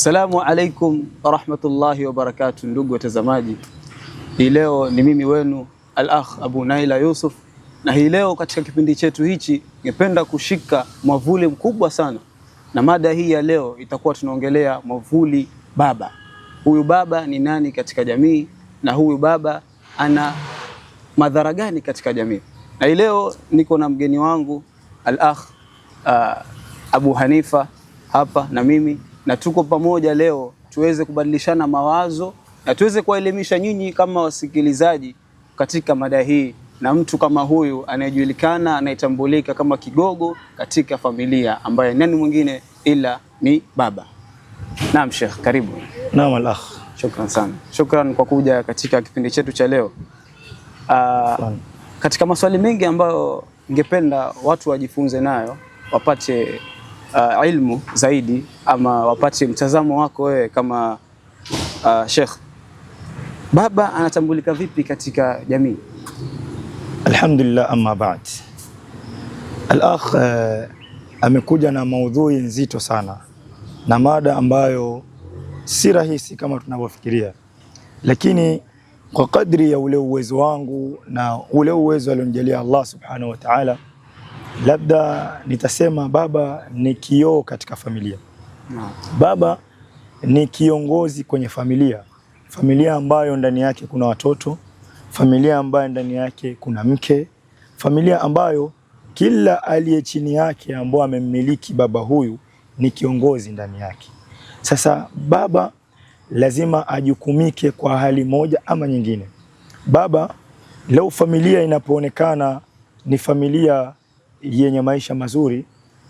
Assalamu alaikum warahmatullahi wabarakatu, ndugu watazamaji, hii leo ni mimi wenu al-akh Abu Naila Yusuf, na hii leo katika kipindi chetu hichi ningependa kushika mwavuli mkubwa sana, na mada hii ya leo itakuwa tunaongelea mwavuli baba. Huyu baba ni nani katika jamii na huyu baba ana madhara gani katika jamii? Na hii leo niko na mgeni wangu al-akh uh, Abu Hanifa hapa na mimi na tuko pamoja leo tuweze kubadilishana mawazo na tuweze kuwaelimisha nyinyi kama wasikilizaji katika mada hii, na mtu kama huyu anayejulikana anayetambulika kama kigogo katika familia, ambaye nani mwingine ila ni baba. Naam Sheikh, karibu. Naam al shukran sana, shukran kwa kuja katika kipindi chetu cha leo. Aa, ah, katika maswali mengi ambayo ningependa watu wajifunze nayo wapate uh, ilmu zaidi ama wapate mtazamo wako wewe kama uh, Sheikh, baba anatambulika vipi katika jamii? Alhamdulillah, amma ba'd, al-akh uh, amekuja na maudhui nzito sana na mada ambayo si rahisi kama tunavyofikiria, lakini kwa kadri ya ule uwezo wangu na ule uwezo alionijalia Allah subhanahu wa ta'ala labda nitasema baba ni kioo katika familia. Baba ni kiongozi kwenye familia, familia ambayo ndani yake kuna watoto, familia ambayo ndani yake kuna mke, familia ambayo kila aliye chini yake ambao amemmiliki baba huyu ni kiongozi ndani yake. Sasa baba lazima ajukumike kwa hali moja ama nyingine. Baba leo familia inapoonekana ni familia yenye maisha mazuri,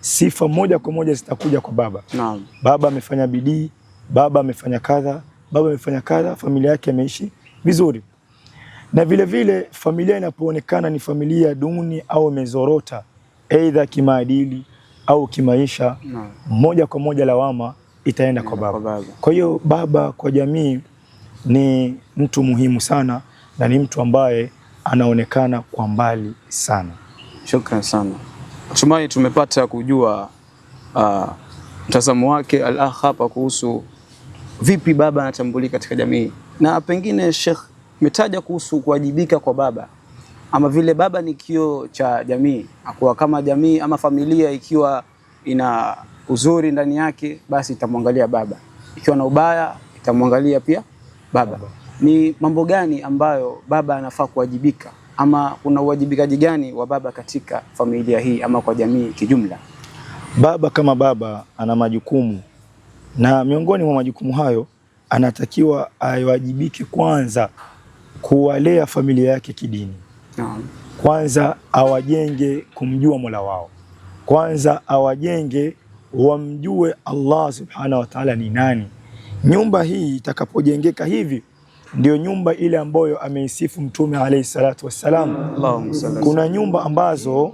sifa moja kwa moja zitakuja kwa baba. Naam. Baba amefanya bidii, baba amefanya kadha, baba amefanya kadha, familia yake ameishi vizuri. Na vile vile familia inapoonekana ni familia duni au imezorota aidha kimaadili au kimaisha, naam, moja kwa moja lawama itaenda kwa baba. Kwa hiyo baba kwa jamii ni mtu muhimu sana na ni mtu ambaye anaonekana kwa mbali sana. Shukran sana. Natumai tumepata kujua uh, mtazamo wake Al-Akh hapa kuhusu vipi baba anatambulika katika jamii, na pengine Sheikh umetaja kuhusu kuwajibika kwa baba, ama vile baba ni kio cha jamii, akuwa kama jamii ama familia ikiwa ina uzuri ndani yake, basi itamwangalia baba, ikiwa na ubaya itamwangalia pia baba. Ni mambo gani ambayo baba anafaa kuwajibika ama kuna uwajibikaji gani wa baba katika familia hii ama kwa jamii kijumla? Baba kama baba ana majukumu, na miongoni mwa majukumu hayo anatakiwa awajibike kwanza kuwalea familia yake kidini. Naam. Kwanza awajenge kumjua Mola wao, kwanza awajenge wamjue Allah subhanahu wa ta'ala ni nani. Nyumba hii itakapojengeka hivi ndio nyumba ile ambayo ameisifu Mtume alayhi salatu wassalam. Kuna nyumba ambazo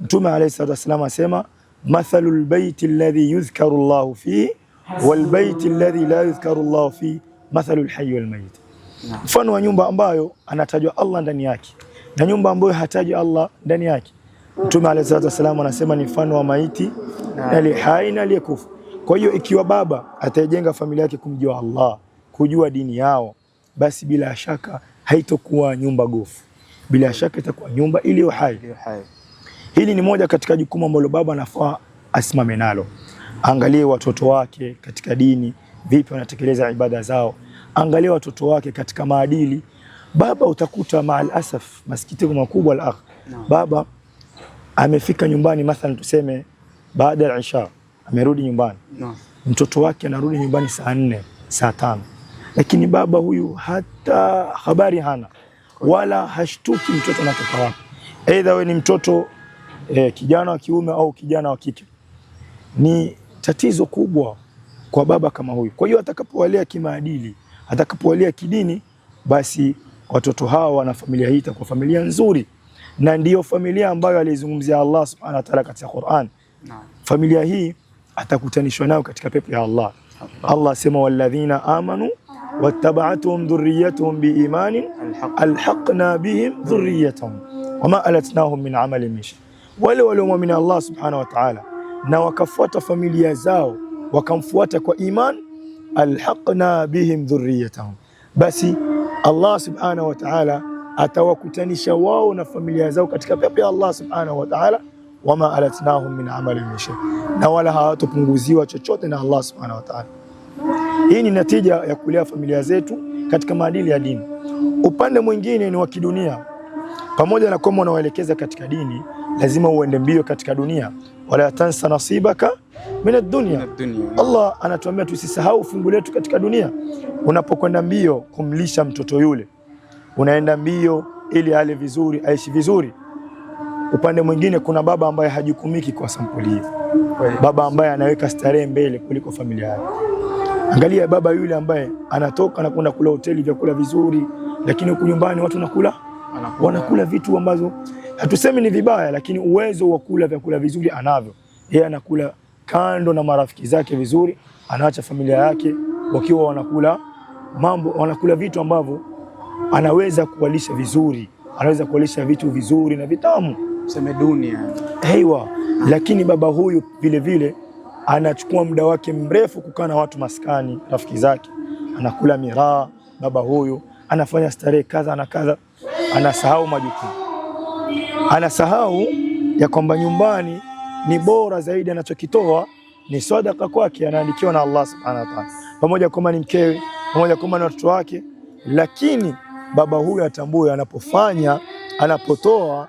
Mtume alayhi salatu wassalam asema mathalu baiti alladhi yudhkaru llahu fihi wal alladhi la yudhkaru llahu fihi mathalu hayy wal mfano wa nyumba ambayo anatajwa Allah ndani yake na nyumba ambayo hataji Allah ndani yake. Mtume alayhi salatu wassalam anasema ni mfano wa maiti na hai na aliyekufa. Kwa hiyo ikiwa baba ataijenga familia yake kumjua Allah, kujua dini yao basi bila shaka haitokuwa nyumba gofu, bila shaka itakuwa nyumba iliyo hai. Hili ni moja katika jukumu ambalo baba anafaa asimame nalo, angalie watoto wake katika dini, vipi wanatekeleza ibada zao, angalie watoto wake katika maadili. Baba utakuta maal asaf, masikitiko makubwa al akh, baba amefika nyumbani mathalan, tuseme baada ya isha amerudi nyumbani no. mtoto wake anarudi nyumbani saa nne saa tano lakini baba huyu hata habari hana wala hashtuki mtoto anatoka wapi, aidha we ni mtoto eh, kijana wa kiume au kijana wa kike. Ni tatizo kubwa kwa baba kama huyu. Kwa hiyo atakapowalea kimaadili, atakapowalea kidini, basi watoto hawa na familia hii itakuwa familia nzuri, na ndiyo familia ambayo alizungumzia Allah subhanahu wa ta'ala katika Qur'an. Familia hii atakutanishwa nayo katika pepo ya Allah. Allah asema walladhina amanu wattaba'atuhum dhurriyyatuhum biimanin alhaqna bihim dhurriyyatahum wama alatnahum min amalin min wale waliomwamini Allah subhanahu wa ta'ala na wakafuata familia zao wakamfuata kwa iman, alhaqna bihim dhurriyyatahum, basi Allah subhanahu wa ta'ala atawakutanisha wao na familia zao katika pepo ya Allah subhanahu wa ta'ala wama alatnahum min amalin min na wala hawatopunguziwa chochote na Allah subhanahu wa ta'ala. Hii ni natija ya kulea familia zetu katika maadili ya dini. Upande mwingine ni wa kidunia. Pamoja na kwamba unawaelekeza katika dini, lazima uende mbio katika dunia, wala tansa nasibaka minad dunya. Allah anatuambia tusisahau fungu letu katika dunia. Unapokwenda mbio kumlisha mtoto yule, unaenda mbio ili ale vizuri, aishi vizuri. Upande mwingine kuna baba ambaye hajukumiki kwa sampuli hii, baba ambaye anaweka starehe mbele kuliko familia yake. Angalia baba yule ambaye anatoka na kwenda kula hoteli vyakula vizuri, lakini huku nyumbani watu nakula anakula, wanakula vitu ambazo hatusemi ni vibaya, lakini uwezo wa kula vyakula vizuri anavyo yeye. Anakula kando na marafiki zake vizuri, anaacha familia yake wakiwa wanakula mambo, wanakula vitu ambavyo anaweza kuwalisha vizuri, anaweza kuwalisha vitu vizuri na vitamu, tuseme dunia heiwa. Lakini baba huyu vilevile anachukua muda wake mrefu kukaa na watu maskani, rafiki zake, anakula miraa, baba huyu anafanya starehe kadha na kadha, anasahau majukumu, anasahau ya kwamba nyumbani ni bora zaidi, anachokitoa ni sadaka kwake, anaandikiwa na Allah subhanahu wa ta'ala, pamoja kwamba ni mkewe, pamoja kwamba ni watoto wake, lakini baba huyu atambue, anapofanya anapotoa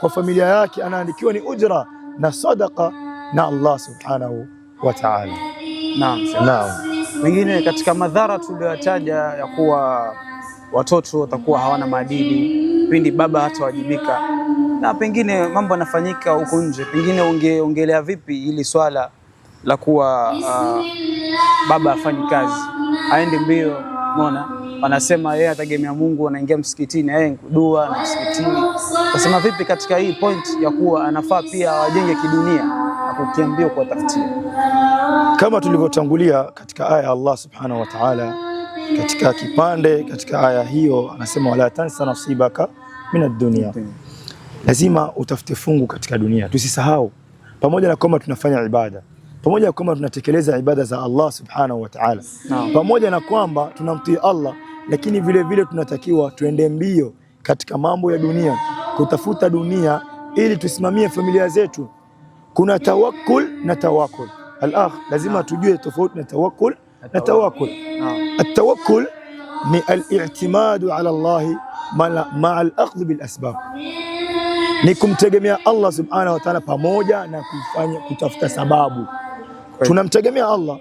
kwa familia yake, anaandikiwa ni ujra na sadaka na Allah subhanahu wa taala. Naam, naam. Mengine katika madhara tuliyotaja ya kuwa watoto watakuwa hawana maadili pindi baba hatawajibika na pengine mambo yanafanyika huko nje, pengine ungeongelea vipi ili swala la kuwa uh, baba afanyi kazi aende mbio? mona anasema yeye ategemea Mungu, anaingia msikitini, yeye dua na msikitini. Nasema vipi katika hii point ya kuwa anafaa pia awajenge kidunia na kukiambia kuwatafutia kama tulivyotangulia katika aya ya Allah subhanahu wa ta'ala, katika kipande katika aya hiyo anasema wala tansa nasibaka min dunya, lazima utafute fungu katika dunia. Tusisahau, pamoja na kwamba tunafanya ibada, pamoja na kwamba tunatekeleza ibada za Allah subhanahu wa ta'ala, pamoja na kwamba tunamtii Allah, lakini vile vile tunatakiwa tuende mbio katika mambo ya dunia, kutafuta dunia ili tusimamie familia zetu. Kuna tawakkul na tawakkul al-akh, lazima tujue tofauti na tawakkul na tawakkul. At-tawakkul ni al-i'timadu ala Allahi maa al-akhdh bil asbab, ni kumtegemea Allah subhanahu wa ta'ala pamoja na kufanya kutafuta sababu. Tunamtegemea Allah,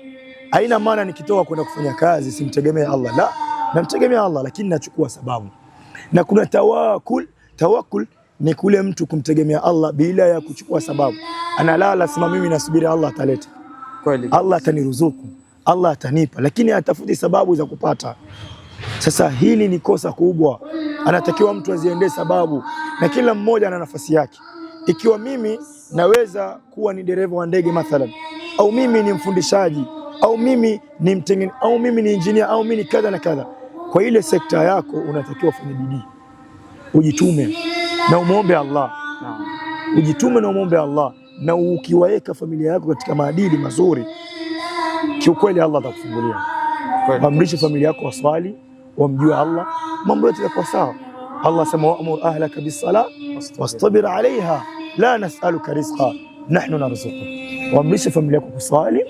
haina maana nikitoa kwenda kufanya kazi simtegemea Allah, la, namtegemea Allah lakini nachukua sababu. Na kuna tawakkul, tawakkul ni kule mtu kumtegemea Allah bila ya kuchukua sababu, analala sema mimi nasubiri Allah ataleta Allah ataniruzuku, Allah atanipa, lakini atafuti sababu za kupata. Sasa hili ni kosa kubwa, anatakiwa mtu aziendee sababu, na kila mmoja ana nafasi yake. Ikiwa mimi naweza kuwa ni dereva wa ndege mathalan, au mimi ni mfundishaji, au mimi ni mtengeni, au mimi ni injinia, au mimi ni kadha na kadha, kwa ile sekta yako unatakiwa ufanye bidii, ujitume na umwombe Allah, ujitume na umwombe Allah na ukiwaweka familia yako katika maadili mazuri, kiukweli Allah atakufungulia. Waamrishe familia yako waswali, wamjue Allah, mambo yote yatakuwa sawa. Allah sema waamur ahlaka bis-sala wastabir alaiha la nasaluka rizqa nahnu narzuku. Waamrishe familia yako kuswali,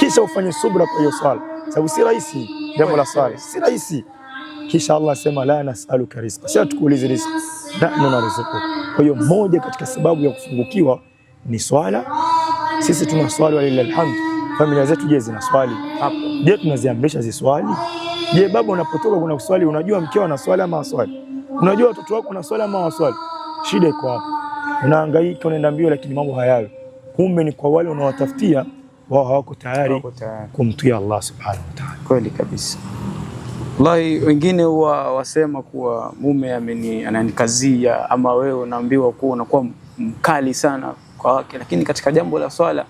kisha ufanye subra kwa hiyo swala, sababu si rahisi jambo la swala, si rahisi. Kisha Allah sema la nasaluka rizqa, si tukuulize rizqa, nahnu narzuku. Kwa hiyo moja katika sababu ya kufungukiwa ni swala. Sisi tuna swali walilahi alhamdu, familia zetu je, zina swali hapo? Je, tunaziamrisha ziswali? Je, baba unapotoka kuna swali, Unajua mkeo ana swali ama aswali? Unajua watoto wako na swali ama waswali? Shida iko hapo, unahangaika, unaenda mbio, lakini mambo hayayo. Kumbe ni kwa wale unaowatafutia wao hawako tayari kumtia Allah subhanahu wa ta'ala. Kweli kabisa. Wallahi, wengine huwa wasema kuwa mume ananikazia ama wewe unaambiwa kuwa unakuwa mkali sana kwa wake lakini katika jambo la swala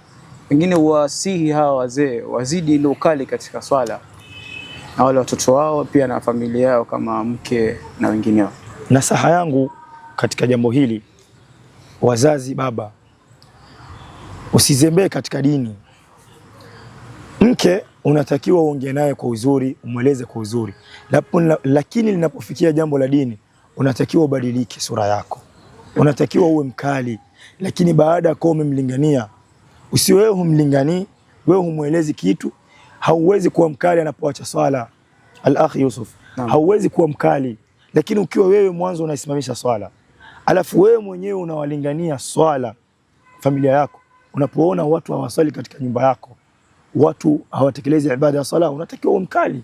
pengine uwasihi hawa wazee wazidi ukali katika swala na wale watoto wao pia na familia yao kama mke na wengineo. Nasaha yangu katika jambo hili, wazazi, baba, usizembee katika dini. Mke unatakiwa uongee naye kwa uzuri, umweleze kwa uzuri, lakini linapofikia jambo la dini unatakiwa ubadilike sura yako unatakiwa uwe mkali, lakini baada ya kuwa umemlingania, wewe humlinganii wewe, humwelezi kitu. Hauwezi kuwa mkali anapoacha swala, al-akhi Yusuf, hauwezi kuwa mkali, lakini ukiwa wewe mwanzo unaisimamisha swala, alafu wewe mwenyewe unawalingania swala familia yako, unapoona watu hawasali katika nyumba yako, watu hawatekelezi ibada ya swala, unatakiwa uwe mkali,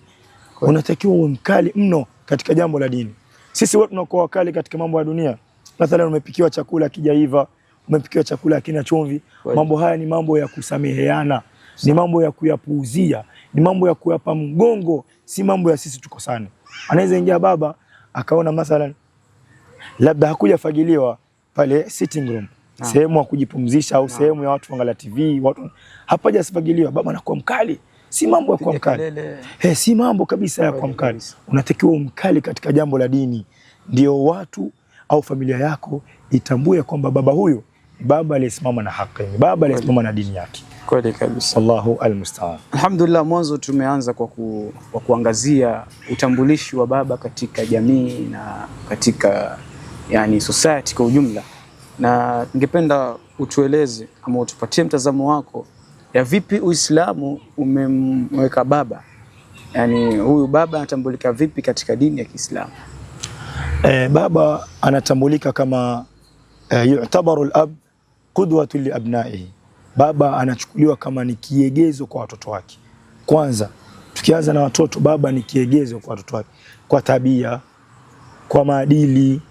unatakiwa uwe mkali mno katika jambo la dini. Sisi wote tunakuwa wakali katika mambo ya dunia mathalan umepikiwa chakula kijaiva, umepikiwa chakula kina chumvi. Mambo haya ni mambo ya kusameheana, ni mambo ya kuyapuuzia, ni mambo ya kuyapa mgongo, si mambo ya sisi tuko sana. Anaweza ingia baba akaona mathalan labda hakujafagiliwa pale sitting room ah. sehemu ya kujipumzisha au ah. sehemu ya watu kuangalia TV, watu hapajasifagiliwa, baba anakuwa mkali. Si mambo ya kuwa mkali eh, si mambo kabisa ya kuwa mkali. Unatakiwa umkali katika jambo la dini, ndio watu au familia yako itambue kwamba baba huyo baba aliyesimama na haki, baba aliyesimama na dini yake. Kweli kabisa, Allahu almustaan. Alhamdulillah, mwanzo tumeanza kwa, ku, kwa kuangazia utambulishi wa baba katika jamii na katika yani society kwa ujumla, na ningependa utueleze ama utupatie mtazamo wako ya vipi Uislamu umemweka baba, yani huyu baba anatambulika vipi katika dini ya Kiislamu? E, baba anatambulika kama e, yutabaru lab qudwatu liabnaihi. Baba anachukuliwa kama ni kiegezo kwa watoto wake. Kwanza tukianza na watoto, baba ni kiegezo kwa watoto wake kwa tabia, kwa maadili,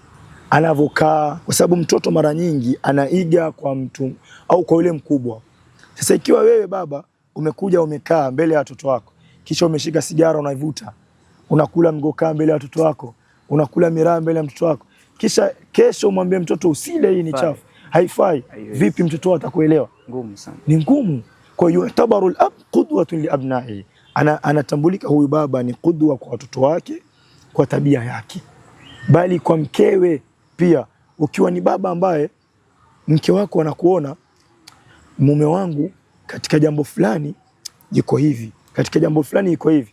anavyokaa, kwa sababu mtoto mara nyingi anaiga kwa mtu au kwa yule mkubwa. Sasa ikiwa wewe baba umekuja umekaa mbele ya watoto wako, kisha umeshika sigara unaivuta, unakula mgokaa mbele ya watoto wako unakula miraa mbele ya mtoto wako, kisha kesho umwambie mtoto usile, hii ni chafu, haifai. Vipi mtoto atakuelewa? Ngumu sana, ni ngumu. Kwa hiyo tabaru alab qudwatun abnaihi, ana anatambulika huyu baba ni qudwa kwa watoto wake kwa tabia yake, bali kwa mkewe pia. Ukiwa ni baba ambaye mke wako anakuona mume wangu katika jambo fulani jiko hivi, katika jambo fulani iko hivi,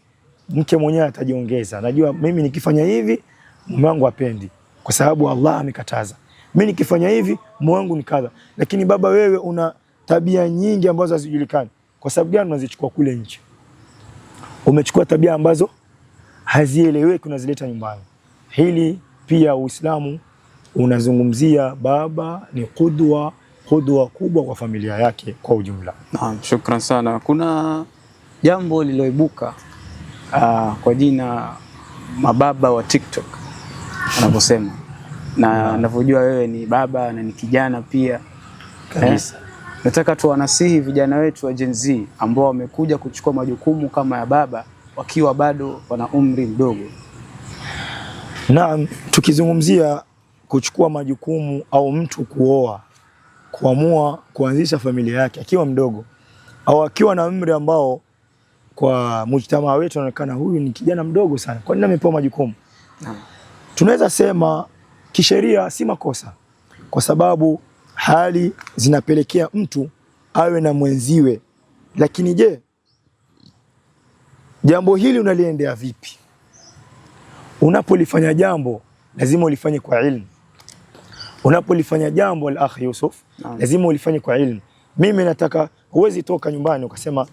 mke mwenyewe atajiongeza, najua mimi nikifanya hivi mume wangu apendi, kwa sababu Allah amekataza. Mimi nikifanya hivi mume wangu ni kadha. Lakini baba, wewe una tabia nyingi ambazo hazijulikani. Kwa sababu gani unazichukua kule nje? Umechukua tabia ambazo hazieleweki unazileta nyumbani. Hili pia Uislamu unazungumzia, baba ni kudwa, kudwa kubwa kwa familia yake kwa ujumla. Naam, shukran sana. Kuna jambo liloibuka ah, kwa jina mababa wa TikTok anavyosema na anavyojua wewe ni baba na ni kijana pia kabisa. Eh, nataka tuwanasihi vijana wetu wa Gen Z ambao wamekuja kuchukua majukumu kama ya baba wakiwa bado wana umri mdogo. Naam, tukizungumzia kuchukua majukumu au mtu kuoa, kuamua kuanzisha familia yake akiwa mdogo au akiwa na umri ambao kwa mujtamaa wetu anaonekana huyu ni kijana mdogo sana, kwa nini amepewa majukumu? Naam. Tunaweza sema kisheria si makosa, kwa sababu hali zinapelekea mtu awe na mwenziwe. Lakini je, jambo hili unaliendea vipi? Unapolifanya jambo lazima ulifanye kwa ilmu. Unapolifanya jambo la akhi Yusuf, lazima ulifanye kwa ilmu. Mimi nataka, huwezi toka nyumbani ukasema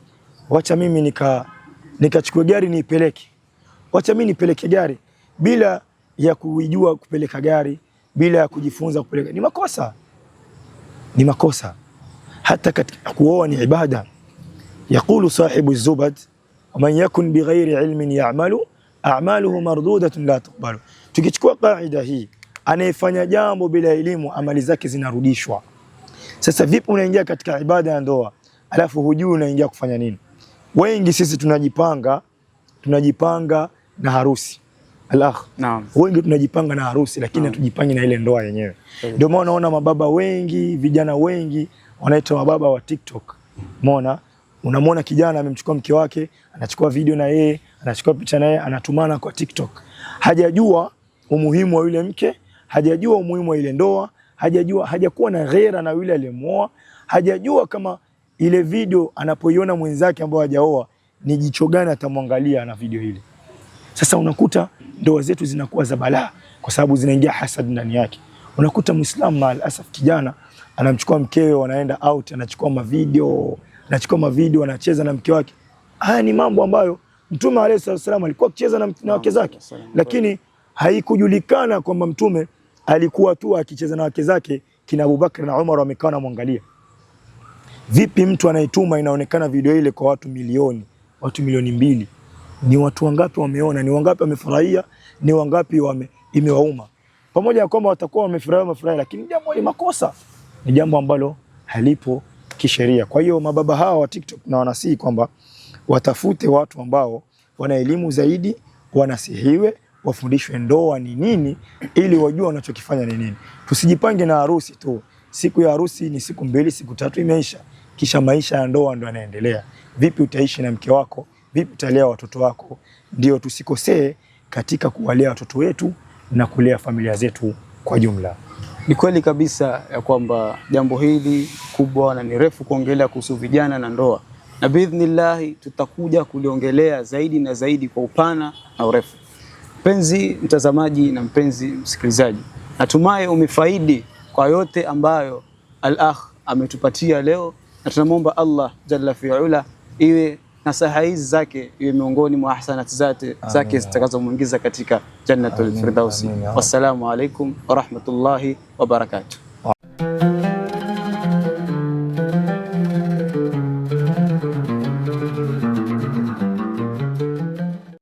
wacha mimi nikachukue nika gari niipeleke, wacha mimi nipeleke gari bila ya kuijua kupeleka gari bila ya kujifunza kupeleka ni makosa, ni makosa. Hata katika kuoa ni ibada. Yaqulu sahibu zubad waman yakun bighairi ilmin ya'malu a'maluhu mardudatun la tuqbalu. Tukichukua kaida hii, anayefanya jambo bila elimu amali zake zinarudishwa. Sasa vipi unaingia katika ibada ya ndoa alafu hujui unaingia kufanya nini? Wengi sisi tunajipanga tunajipanga na harusi Alah. Naam. Wengi tunajipanga na harusi lakini hatujipangi na ile ndoa yenyewe. Ndio maana unaona mababa wengi, vijana wengi wanaitwa mababa wa TikTok. Umeona? Unamwona kijana amemchukua mke wake, anachukua video na yeye, anachukua picha na yeye, anatumana kwa TikTok. Hajajua umuhimu wa yule mke, hajajua umuhimu wa ile ndoa, hajajua hajakuwa na ghera na yule aliyemwoa, hajajua kama ile video anapoiona mwenzake ambaye hajaoa ni jicho gani atamwangalia na video ile. Sasa unakuta ndoa zetu zinakuwa za balaa, kwa sababu zinaingia hasad ndani yake. Unakuta Muislamu maalasaf kijana anamchukua mkewe, wanaenda out, anachukua mavideo, anachukua mavideo, anacheza na mke wake. Haya ni mambo ambayo Mtume alayhi salatu wasalam alikuwa akicheza na, na wake zake, lakini haikujulikana kwamba Mtume alikuwa tu akicheza na wake zake. Kina Abubakar na Umar wamekaa wanamwangalia. Vipi mtu anaituma, inaonekana video ile kwa watu milioni, watu milioni mbili ni watu wangapi wameona, ni wangapi wamefurahia, ni wangapi wame, imewauma. Pamoja na kwamba watakuwa wamefurahia wamefurahia, lakini jambo ni makosa, ni jambo ambalo halipo kisheria. Kwa hiyo mababa hawa wa TikTok na wanasihi kwamba watafute watu ambao wana elimu zaidi, wanasihiwe, wafundishwe ndoa ni nini, ili wajue wanachokifanya ni nini. Tusijipange na harusi tu. Siku ya harusi ni siku mbili, siku tatu, imeisha. Kisha maisha ya ndoa ndo yanaendelea. Vipi utaishi na mke wako? vipi utalea watoto wako, ndio tusikosee katika kuwalea watoto wetu na kulea familia zetu kwa jumla. Ni kweli kabisa ya kwamba jambo hili kubwa na ni refu kuongelea kuhusu vijana na ndoa, na biidhnillahi tutakuja kuliongelea zaidi na zaidi kwa upana na urefu. Mpenzi mtazamaji na mpenzi msikilizaji, natumaye umefaidi kwa yote ambayo al-akh ametupatia leo, na tunamwomba Allah jalla fi'ala iwe nasaha hizi zake iwe miongoni mwa hasanati zake zake zitakazomwingiza katika jannatul firdausi. Wassalamu alaikum warahmatullahi wabarakatuh.